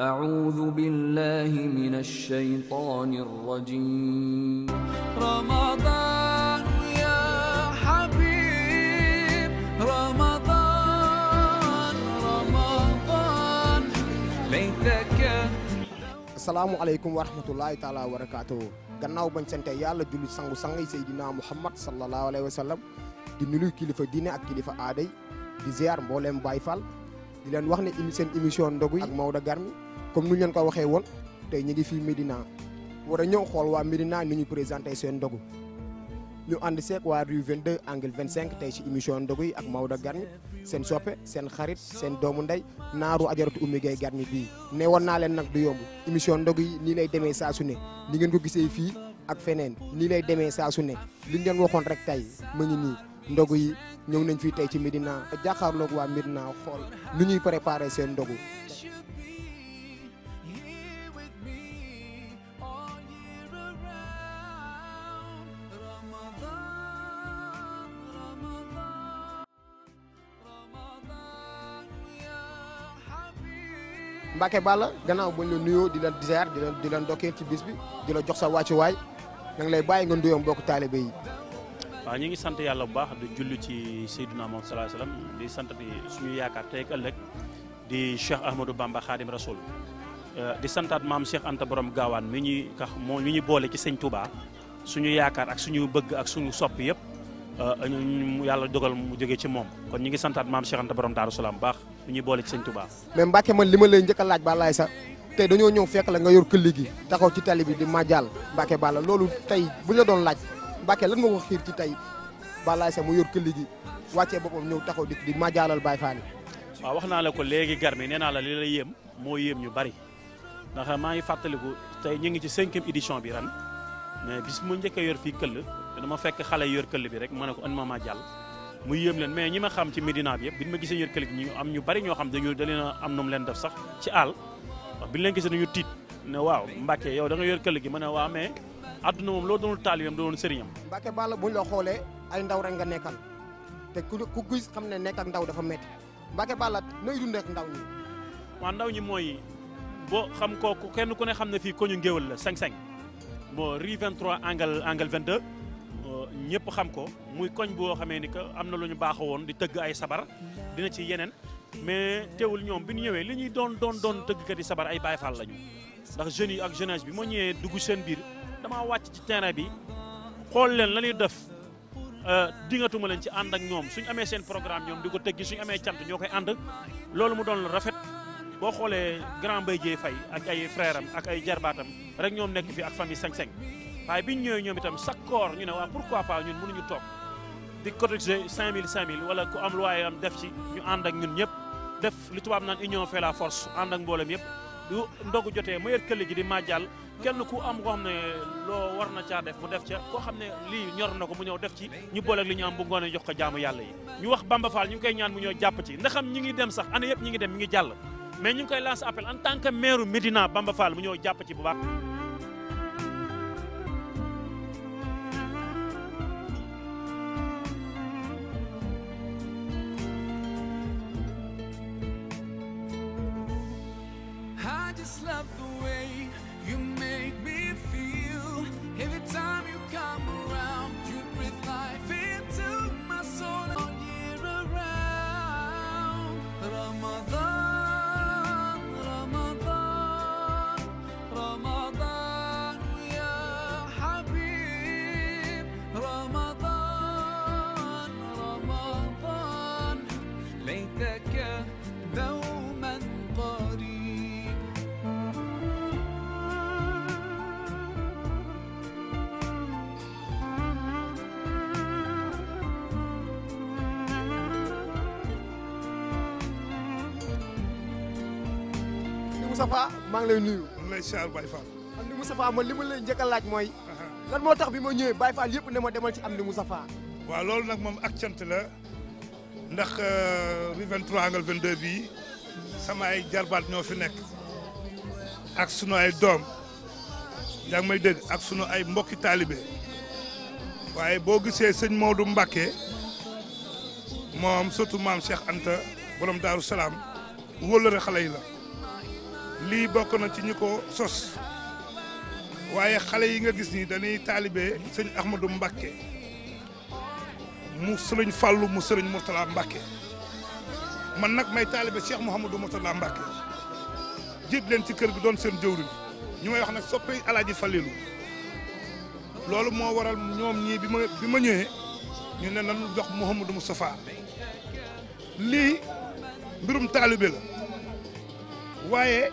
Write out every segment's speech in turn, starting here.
أعوذ بالله من الشيطان الرجيم رمضان يا حبيب رمضان رمضان ليتك asalaamualeykum wa rahmatullahi taala wa barakaatuhu gannaaw bañ sante yàlla julli sangu sangay Seydina Muhammad sallallahu alayhi wa sallam di nuyu kilifa diine ak kilifa aaday di ziar mbooleem Baay Fall di leen wax ne seen émission ndogu yi ak Maodo Garmi comme nu ñu leen ko waxee woon tey ñu ngi fii Médina war a ñëw xool waa Médina ni ñu présenté seen ndogu ñu ànd seeg waa rue 22 angle cinq tey ci émission ndogu yi ak Maodo Garmi seen soppe seen xarit seen doomu ndey naaru ajaratu Oumy Gueye Garmi bii ne naa leen nag du yomb émission ndogu yi nii lay demee saa su ne ni ngeen ko gisee fii ak feneen nii lay demee saa su ne li ñu waxoon rek tey mu ngi nii ndogu yi ñëw nañ fii tey ci Médina jàkkaarloog waa Médina xool nu ñuy préparé seen ndogu Mbacke Balla gannaaw bañ la nuyoo di leen ziar di leen di leen dokkeel ci bis bi di la jox sa wàccuwaay waay nga lay bàyyi nga nuyoo mbokk taalibe yi. waaw ñu ngi sant yàlla bu baax di julli ci Seydina Muhammad sallallahu alayhi wasallam di sant suñu yaakaar tey ak di Cheikh Ahmadou Bamba Khadim Rasoul euh, di santaat maam Cheikh Anta borom gaawaan mi ñuy tax moo ñu ñu boole ci sëñ Touba suñu yaakaar ak suñu bëgg ak suñu sopp yëpp euh, yàlla dogal mu jóge ci moom. kon ñu ngi santaat maam Cheikh Anta borom Daaru Salaam baax bu ñuy boole ci sëñ Touba. mais Mbacke man li ma lay njëkk a laaj Balaye sax tey dañoo ñëw fekk la nga yor këll gi takkoo ci tali bi di Madial Mbacke Balla loolu tey bu la doon laaj Mbacke lan nga ko xiir ci tey Balaye sax mu yor këll gi wàccee boppam ñëw taxaw di di Madialal Baye Fall. waaw wax naa la ko léegi garmi nee naa la li la yem moo yéem ñu bari ndax maa ngi fàttaliku tey ñu ngi ci cinquième édition bi ren mais bis mu njëkkee yor fii këll dama fekk xale yor këll bi rek mën a ma Madial mu yéem leen mais ñi ma xam ci Médina bi yëpp bi ñu ma gisee yër këlik am ñu bari ñoo xam dañu da am nu mu leen def sax ci àll wax bi ñu leen gisee dañu tiit ne waaw Mbacke yow da nga yër këlik gi ma ne waaw mais adduna moom loo doonul taalibeem doonul sëriñam Mbacke Balla buñ la xoolee ay ndaw rek nga nekal te ku gis xam ne nekk ndaw dafa metti Mbacke Balla nooy dundee ak ndaw ñi waa ndaw ñi mooy boo xam kooku kenn ku ne xam ne fii ko ñu ngéwal la 55 bon rue 23 angle angle 22 ñëpp xam ko muy koñ boo xamee ni que am na lu ñu baaxoo woon di tëgg ay sabar dina ci yeneen mais teewul ñoom bi ñu ñëwee li ñuy doon doon doon tëggkat yi sabar ay Baay Faal lañu ndax jeunes yi ak jeunesse bi moo ñëwee dugg seen biir damaa wàcc ci terrain bi xool leen la ñuy def euh, dingatuma leen ci ànd ak ñoom suñu amee seen programme ñoom di ko tëggi suñu amee cant ñoo koy ànd loolu mu doon rafet boo xoolee grand Mbaye Dieye Faye ak ay frère ak ay jarbaatam rek ñoom nekk fi ak famille Seng Seng waaye biñ ñëwee ñoom itam chaque corps ñu ne waa pourquoi pas ñun mënuñu toog di cotiser 5000 5000 wala ku am lu waaye am def ci ñu ànd ñun ñëpp def li tubaab naan union fait la force ànd ak mboolem yëpp du ndogu jotee mayer këll ji di màjjal kenn ku am koo xam ne loo war na caa def mu def ca koo xam ne lii ñor na ko mu ñëw def ci ñu booleeg li ñu am bu ngoonee jox ko jaamu yàlla yi ñu wax Bamba ñu ngi koy ñaan mu ñëw jàpp ci ndaxam ñi ngi dem sax année yëpp ñi ngi Moustapha maa ngi lay nuyu. man lay siyaar Baye li ma lay njëkk mooy. moo tax bi ma ñëwee Baye Fall yëpp ne ma demal ci am ni Moustapha. waaw loolu nag moom ak cant la ndax euh, rue 23 angle 22 bii sama ay jarbaat ñoo fi nekk ak sunu ay doom yaa ngi may dégg ak sunu ay mbokki taalibe waaye boo gisee sëñ Maodo mbakke moom surtout maam Cheikh Anta borom Daaru Salaam wóllare xale yi la. lii bokk na ci ñi sos waaye xale yi nga gis nii dañuy taalibe sëñ Ahmadou Mbakke mu sëriñ Fàllu mu sëriñ Mourtala Mbakke man nag may taalibe Cheikh Mouhamadou Mourtala Mbakke jiit leen ci kër gi doon seen jëwriñ ñu may wax nag soppi alaaji Falilu loolu moo waral ñoom ñii bi ma ma ñëwee ñu ne nañu jox Mouhamadou Moustapha lii mbirum taalibe waaye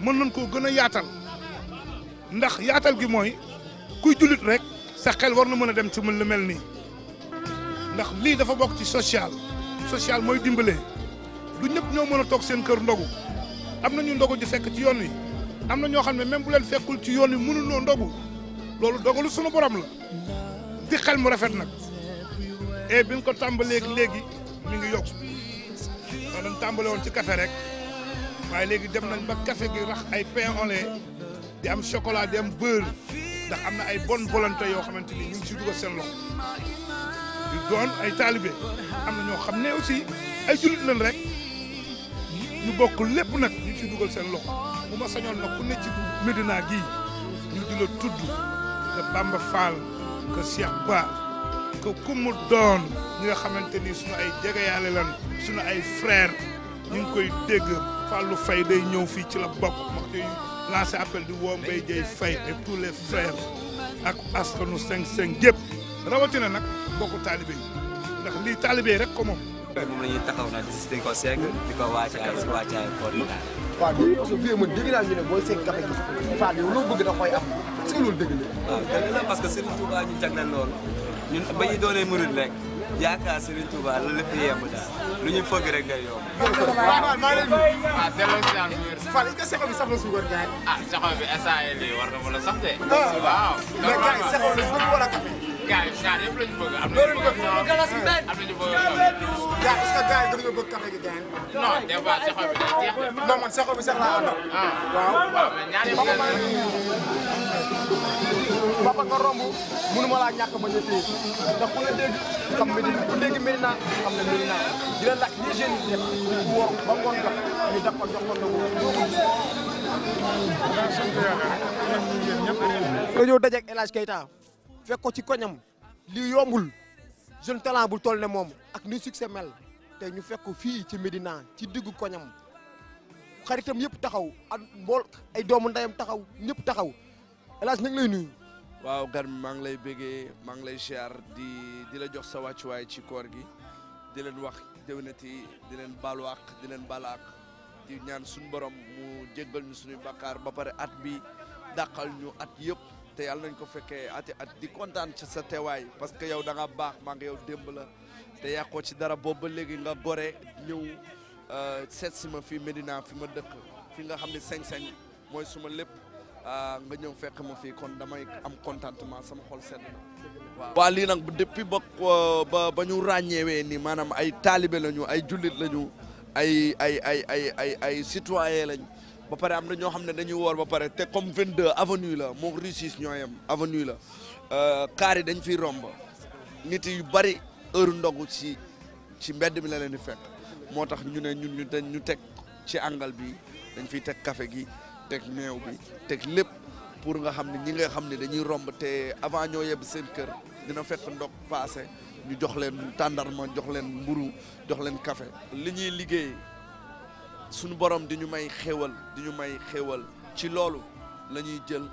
mën nañ koo gën a yaatal ndax yaatal gi mooy kuy jullit rek sa xel war na mën a dem ci mën na mel nii ndax lii dafa bokk ci social social mooy dimbale du ñëpp ñoo mën a toog seen kër ndogu am na ñu ndogu di fekk ci yoon wi am na ñoo xam ne même bu leen fekkul ci yoon wi mënuñoo ndogu loolu dogalu sunu borom la di mu rafet nag et eh, bi ñu ko tàmbalee léegi mi ngi yokku dañ tàmbale woon ci kafe rek. waaye léegi dem nañ ba café gi rax ay pain au lait di am chocolat di am beurre ndax am na ay bonne volonté yoo xamante ni ñu ngi si dugal seen loxo di doon ay taalibe am na ñoo xam ne aussi ay jullit lañ rek ñu bokk lépp nag ñu si dugal seen loxo bu ma sañoon nag ku ne ci Médina gii ñu di la tudd que Bamba Fall que Cheikh Ba doon ñi nga xamante ni suñu ay jegeyaale lan suñu ay frère ñu koy dégg lu fay day ñëw fii ci la bokk wax di lancé appel di woo Mbaye Dieye Faye et tous les frères ak askanu 5-5 yëpp rawatina nag bokku taalibe yi ndax lii taalibe rek ko moom. moom la ñuy taxaw nag si dañ ko segg di ko waacaay si waacaay koor yi daal. loolu parce que vieux man dégg naa da koy am est loolu dëgg la. waaw dëgg la parce que Serigne Touba ñu jagleel loolu ba ñu doonee murid rek. yaakaar Serigne Touba la lépp yemb daal lu ñu fëgg rek day yomb. waaw maa ngi lay nuyu. ah delloo si ànd wér. Fall est-ce que saxaw bi sax na suukar gaay. ah saxaw bi instant yii lii war na mën a sax de. Ah. waaw mais gars yi saxaw lañ bëgg wala café. gars yi genre yëpp lañ bëgg. am nañu bëgg ñoom am nañu bëgg ñoom. gars est-ce que gars yi gën nga bëgg café gi gaay. non des fois saxaw bi day jeex de. non man saxaw bi sax laa àndal. Ah. waaw waaw mais ñaari fa nga romb mënuma laa ñàkk ba xam nga ni ku dégg mel ci koñam li yombul jeune talent bu toll ne moom ak ni succès mel te ñu fekk fii ci Médina ci diggu koñam. xaritam yépp taxaw ak mbool ay doomu ndeyam taxaw ñëpp taxaw El Hadj lay nuyu. waaw gan maa ngi lay béggee maa ngi lay siyaar di di la jox sa wàccuwaay ci koor gi di leen wax ti di leen baalu àq di leen baalu àq di ñaan suñu borom mu jéggal ñu suñuy bakaar ba pare at bi dàqal ñu at yëpp te yàlla nañ ko fekkee ati at di kontaan ci sa teewaay parce que yow da nga baax maa ngi yow démb la te yàqoo ci dara boobu ba léegi nga gore ñëw euh, seet si ma fii Médina fi ma dëkk fi nga xam ne 5-5 mooy suma lépp. Ah, nga ñëw fekk ma fii kon damay am contentement sama xol sedd na waaw waa lii nag depuis ba ba ñu ràññeewee ni maanaam ay taalibe lañu ay jullit lañu ay ay ay ay ay ay citoyen lañ ba pare am na ñoo xam ne dañuy woor ba pare te comme 22 avenue la moo réussis ñoo yem avenue la euh, kaar yi dañ fi romb nit yu bari heure ndogu ci ci mbedd mi la leen di fekk moo tax ñu ne ñun ñu dañ ñu teg ci angal bi dañ fiy teg kafe gi teg meew bi teg lépp pour nga xam ne ñi nga xam ne dañuy romb te avant ñoo yebb seen kër dina fekk ndox passé ñu jox leen tàndarma jox leen mburu jox leen café li ñuy liggéey suñu borom di ñu may xéewal di may xéewal ci loolu la ñuy jël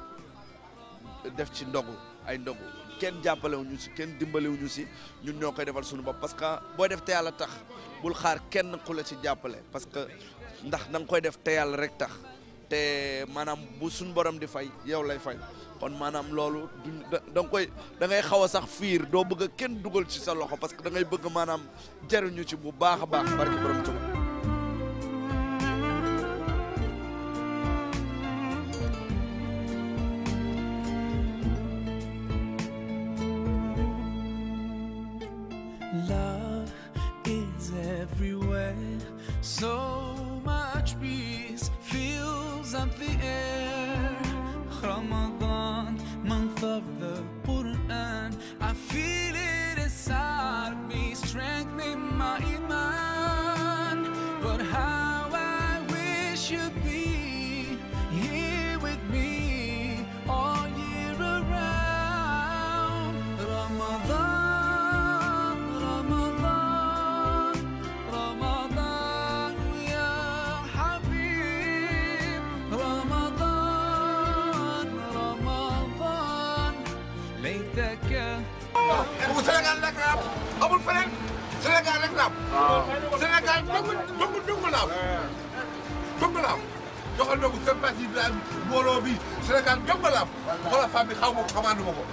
def ci ndogu ay ndogu kenn jàppalewuñu si kenn dimbalewuñu si ñun ñoo koy defal suñu bopp parce que booy def te yàlla tax bul xaar kenn ku la ci jàppale parce que ndax da koy def te yàlla rek tax te maanaam bu suñ borom di fay yow lay fay kon maanaam loolu duñ da nga xaw a sax fiir doo bëgg a kenn dugal ci sa loxo parce que da ngay bëgg maanaam jariñu ci bu baax a baax barki borom Tuuba dong dong nga naaw. dong nga naaw. doxal dong sympathie bi daal mbooloo bi Sénégal dong nga naaw. xoolal femme bi xaw ma ko xamaandu ma ko.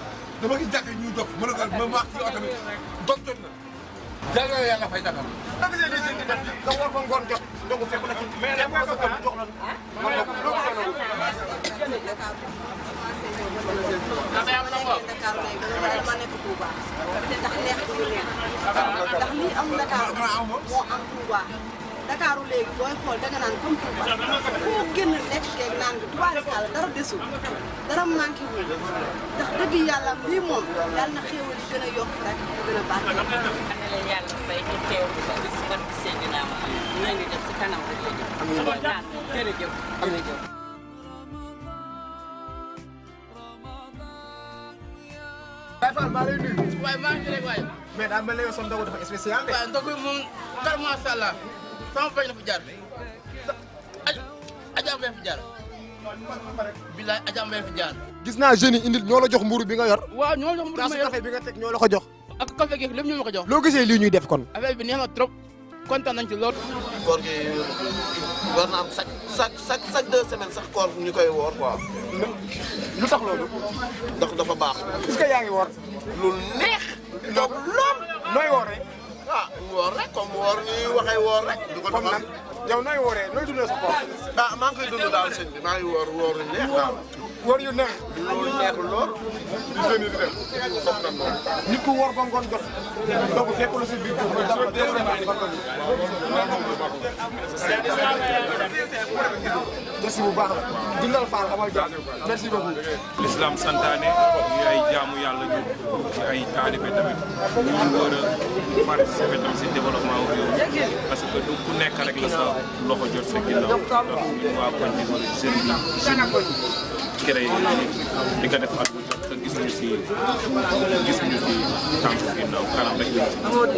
dama gis jàkk ñuy dof mën na ko ma wax ci oto bi dof jot na. jaay na yàlla fay jàkkal. da nga see des yéen di def da nga war ko ngoon jot. donc fekk na ci mais ah, nag ah, mos a ko jox na. mën na ko mën na ko mën na ko. ndax lii am Dakar moo am Touba. Dakar léegi booy xool danga naan comme Touba foo génn lekk geeg naan bi tubaarikàlla dara desul dara manqué wul ndax dëgg yàlla lii moom yàlla na xéewal yi gën a yokk mu gën a baax. am na leen yàlla fay ci teew bi ba bis ban gisee ñu naan nañu def si kanam rek la jëm. sama bañ la fi jaar Adja Mbaye fi jaar bilaay Adja Mbaye fi jaar gis naa jeunes yi indil ñoo la jox mburu bi nga yor waaw ñoo jox mburu bi ma yor café bi nga teg ñoo la ko jox ak café gi lépp ñoo ma ko jox loo ñuy def kon affaire bi neex na trop kontaan nañ ci lool koor gi war na am chaque chaque chaque chaque deux ñu koy woor quoi lu tax loolu ndax dafa baax est-ce que yaa ngi lu neex lool nooy wooree ah woor rek comme woor ñuy waxee woor rek. du ko defal yow nooy wooree nooy dundee sa bopp. ah maa ngi koy dund daal sëñ bi maa ngi woor woor yu neex daal. woor yu neex. loolu neex lool. ñu ngi leen di def comme nan la. nit ku woor ba ngoon jot. donc fekk lu si biir dugub dafa def merci bu baax dundal Fall amal jàmm merci beaucoup. l'islam santaane. ay taalibe tamit ñu war a participer tam si développement wu réew parce que du ku nekk rek la sa loxo jot sa ginnaaw donc ñun waa koñ bi wala jeune yi créé di ko def at bu jot te gisuñu si gisuñu si tànk ginnaaw kanam rek lañ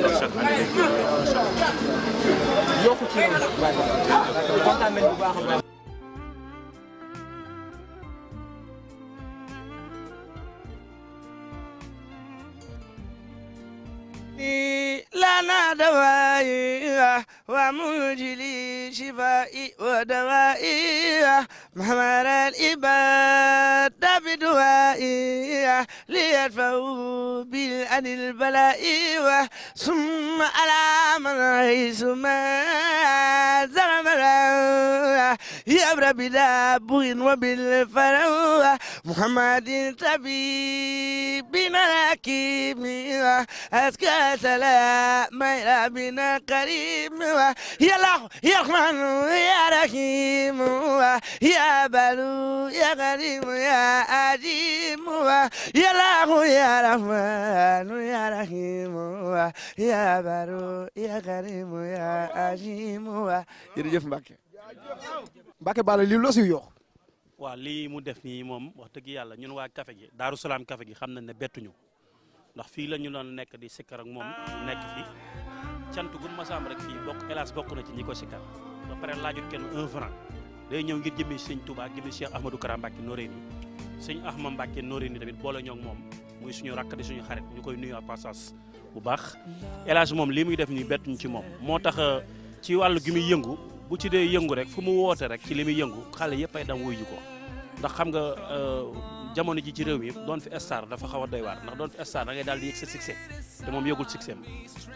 si chaque année rek yokku ci kontaan nañ bu baax لنا دوائي ومنجلي شفائي ودوائي محمر الإباد بدوائي ليدفعوا بالأن البلاء ثم على من حيث ما زلم يا رب بغ وبالفلوى محمد طبيبنا الحكيم أزكى سلام إلى بنا كريم يا الله يا رحمن يا رحيم يا بلو يا كريم يا عظيم يا الله يا رحمن يا رحيم يا بلو يا كريم يا عظيم jërëjëf Mbacke Mbacke Balla lii loo siy yokk waaw lii mu def nii moom wax dëgg yàlla ñun waa kafe gi Daaru Salaam café gi xam nañ ne ñu ndax fii la ñu doon nekk di sikkar ak moom nekk fi cant gu ma saam rek fii bokk hélas bokk na ci ñi ko sikkar ba pare laajut kenn un day ñëw ngir jëmee sëñ Touba jëmee Cheikh Ahmadou Kara Mbacke Noreyni sëñ Ahmad Mbacke Noreyni tamit boole ñoo moom muy suñu rakk suñu xarit ñu koy nuyu à passage bu baax hélas moom lii muy def nii bettuñu ci moom moo tax euh, ci wàll gi muy yëngu bu ci dee yëngu rek fu mu wootee rek ci li muy yëngu xale yëpp ay dam wuyu ko ndax xam nga euh, jamono ji ci réew mi doon fi star dafa xaw a doy waar ndax doon fi star da daal di yëg sa succès te moom yëgul succès am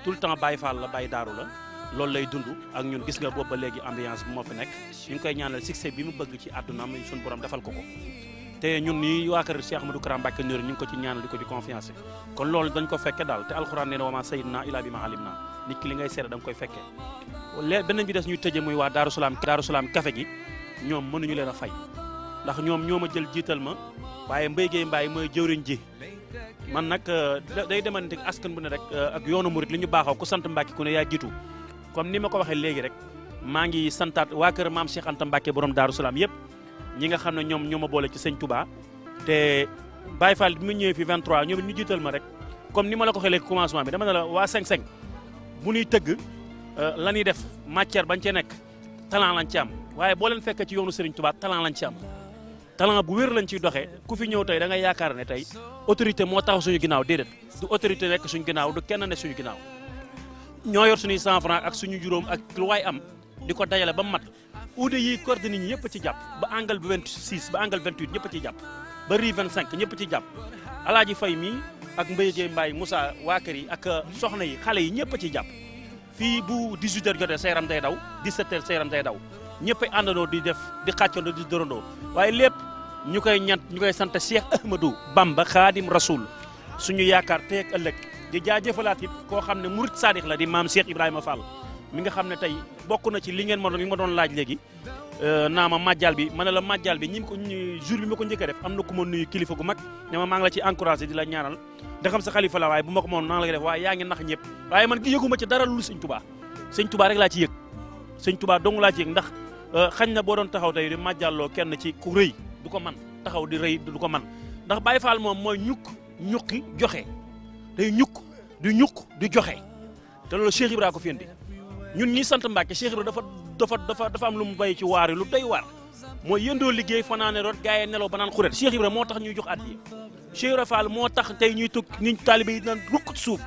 tout le temps Baye Fall la Baye Daaru la loolu lay dund ak ñun gis nga boobu ba léegi ambiance bi nekk ñu ngi koy ñaanal succès bi mu bëgg ci àddunaam suñu borom defal ko ko te ñun nii waa ñu ngi ko ci ñaanal di ko ci confiance kon loolu dañ ko fekke daal te alxuraan nee na wa ma sayidna ila bi ma alim na nit ki li ngay seere da koy fekkee lee beneen bi des ñuy tëje muy waa Daaru Salaam Daaru Salaam café gi ñoom mën mënuñu leen a fay ndax ñoom ñoo ma jël jiital ma waaye mbay géey mbaay mooy jëwriñ ji man nag euh, day demante askan bu ne rek euh, ak yoonu murit li ñu baaxaw ko sant Mbàkke ku ne yaa jiitu comme ni ma ko waxee léegi rek maa ngi santaat waa kër maam Cheikh Anta Mbàkke borom Daaru Salaam yëpp ñi nga xam ne ñoom ñoo ma boole ci sëñ Touba te Baye Fall bi mu ñëwee fi 23 ñoom ma rek comme ni ma la ko waxee bi dama ne la waa 55 bu ñuy tëgg euh, la ñuy def matière bañ cee nekk talent lañ ci am waaye boo leen fekkee ci yoonu Serigne Touba talent lañ ci am talent bu wér lañ ciy doxee ku fi ñëw tey da ngay yaakaar ne tey autorité moo taxaw suñu ginnaaw déedéet du autorité nekk suñu ginnaaw du kenn ne suñu ginaaw ñoo yor suñu 100 francs ak suñu juróom ak lu waay am di ko dajale ba mat uude yi corde nit ñi ñëpp ci jàpp ba vent 26 ba angle 28 ñëpp ci jàpp ba riz 25 ñëpp ci jàpp alaaji fay mii ak Mbaye Dieye Mbaye Moussa waa kër yi ak euh, soxna yi xale yi ñëpp a ciy jàpp fii bu 18 heures jotee sa yaram day daw 17 heures sa yaram day daw ñëpp ay di def di xàccandoo di dërandoo waaye lépp ñu koy ñant ñu koy sant Cheikh Ahmadou Bamba Khadim rasuul suñu yaakaar tey ak ëllëg di jaajëfalaat it koo xam ne mu murit saadix la di maam Cheikh Ibrahima Fall mi nga xam ne tey bokk na ci li ngeen ma ma doon laaj léegi Euh, naa ma màjjal bi ma ne la màjjal bi ñi bi ma ko njëkk a def am na ku ma nuyu kilifa gu mag ne ma la ci encouragé di la ñaanal da xam sa xalifa la waaye bu ma ko moon naa la koy def waaye yaa ngi nax ñëpp waaye man yëguma ci dara lu sëñ tubaa sëñ tubaa rek laa ci yëg sëñ tubaa dong laa ci yëg ndax euh, xañ na boo doon taxaw tey di màjjalloo kenn ci ku rëy du ko man taxaw di rëy du ko man ndax Baye Fall moom mooy ñukk ñukki joxe day ñukk du ñukk du joxe te loolu Cheikh Ibra ko fi dafa dafa dafa am lu mu bay ci waar yi lu doy waar mooy yëndoo liggéey fanaane root gars yi nelaw banaan xuret Cheikh Ibra moo tax jox addiya Cheikh Ibra moo tax tey ñuy tukk ni taalibe yi naan rukk suuf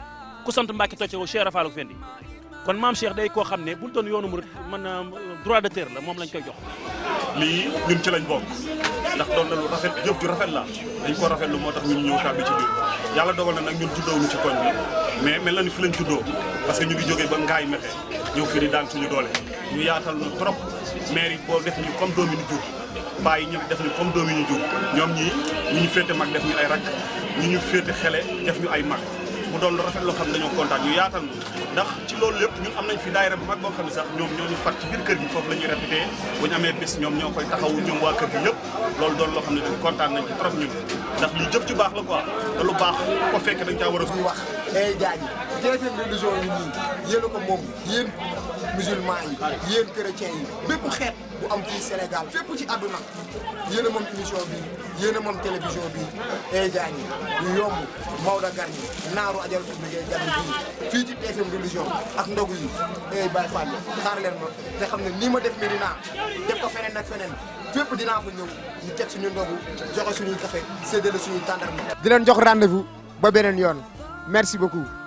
ku sant Mbàkke tocce ko Cheikh Ibra Fall ko fendi kon maam Cheikh day koo xam ne bu doon yoonu murit man euh, droit de terre la moom lañ koy jox lii ñun ci lañ bokk ndax doon na lu rafet jëf ju rafet la dañ koo rafet lu moo tax ñu ñëw tàbbi ci biir yàlla dogal na nag ñun juddoo ñu ci koñ bi mel na ni fi lañ juddoo parce que ñu ngi jógee ba ngaay mexe ñëw fii di daan suñu ñu yaatal ñu trop maire yi boo def ñu comme doomi ñu jur bàyyi ñu def ñu comme doomi ñu jur ñoom ñii ñu ñu féete mag def ñu ay rakk ñu ñu féete xele def ñu ay mag mu doon lu rafet loo xam ne dañoo kontaan ñu yaatal ñu ndax ci loolu lépp ñun am nañ fi daayira bu mag boo xam ne sax ñoom ñoo ñu far ci biir kër gi foofu la ñuy bu ñu amee bés ñoom ñoo koy taxawu ñoom waa kër gi yëpp loolu doon loo xam ne dañ kontaan nañ ci trop ñun ndax lii jëf ju la lu baax ko fekk dañ caa a. ñuy wax ay gars yi jeexeen religion yi nii a ko moom yéen musulman yi yéen chrétien yi bépp xeet bu am fii Sénégal fépp ci àdduna yéen a moom émission bi yéen a moom télévision bi ay gars yi ñu yomb Maodo Garnier yi naaru ajal fi liggéey jàmm bii fii ci TFM religion ak ndogu yi ay Baye Fall xaar leen ma te xam ne nii ma def Médina def ko feneen ak feneen fépp dinaa fa ñëw ñu teg suñu ndogu joxe suñuy café jënd suñuy tàndarma. di leen jox rendez-vous ba beneen yoon merci beaucoup.